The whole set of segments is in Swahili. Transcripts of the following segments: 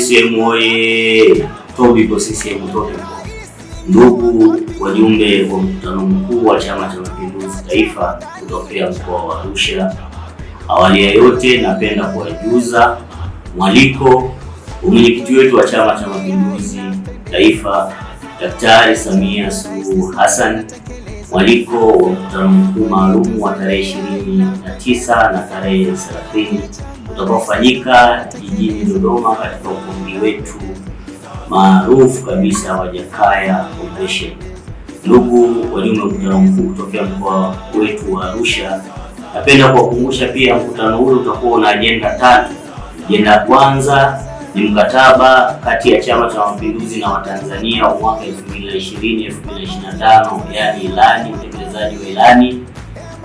CCM oye! Tobiko CCM Tobiko! Ndugu wajumbe wa mkutano mkuu wa Chama cha Mapinduzi Taifa kutokea mkoa wa Arusha, awali ya yote napenda kuwajuza mwaliko umwenyekiti wetu wa Chama cha Mapinduzi Taifa Daktari Samia Suluhu Hassan mwaliko wa mkutano mkuu maalum wa tarehe 29 na tarehe 30 utakaofanyika jijini Dodoma katika ukumbi wetu maarufu kabisa wa Jakaya Convention. Ndugu wajumbe wa mkutano mkuu kutokea mkoa wetu wa Arusha, napenda kuwakumbusha pia mkutano huu utakuwa una ajenda tatu. Ajenda ya kwanza ni mkataba kati ya Chama cha Mapinduzi na Watanzania wa mwaka 2020 2025, yaani ilani, utekelezaji wa ilani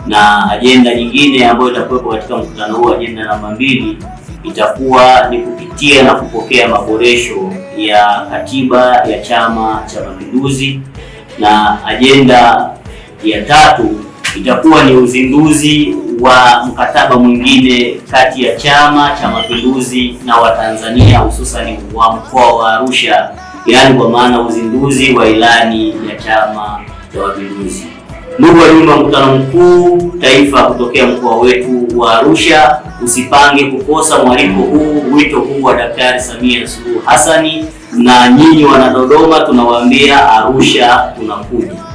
na ajenda nyingine ambayo itakuwepo katika mkutano huu, ajenda namba mbili itakuwa ni kupitia na kupokea maboresho ya katiba ya Chama cha Mapinduzi, na ajenda ya tatu itakuwa ni uzinduzi wa mkataba mwingine kati ya Chama cha Mapinduzi na Watanzania, hususani wa mkoa wa Arusha, yaani kwa maana uzinduzi wa ilani ya Chama cha Mapinduzi. Ndugu wajumbe wa mkutano mkuu taifa kutokea mkoa wetu wa Arusha, usipange kukosa mwaliko huu, wito huu wa Daktari Samia Suluhu Hassani, na nyinyi wana Dodoma tunawaambia Arusha tunakuja.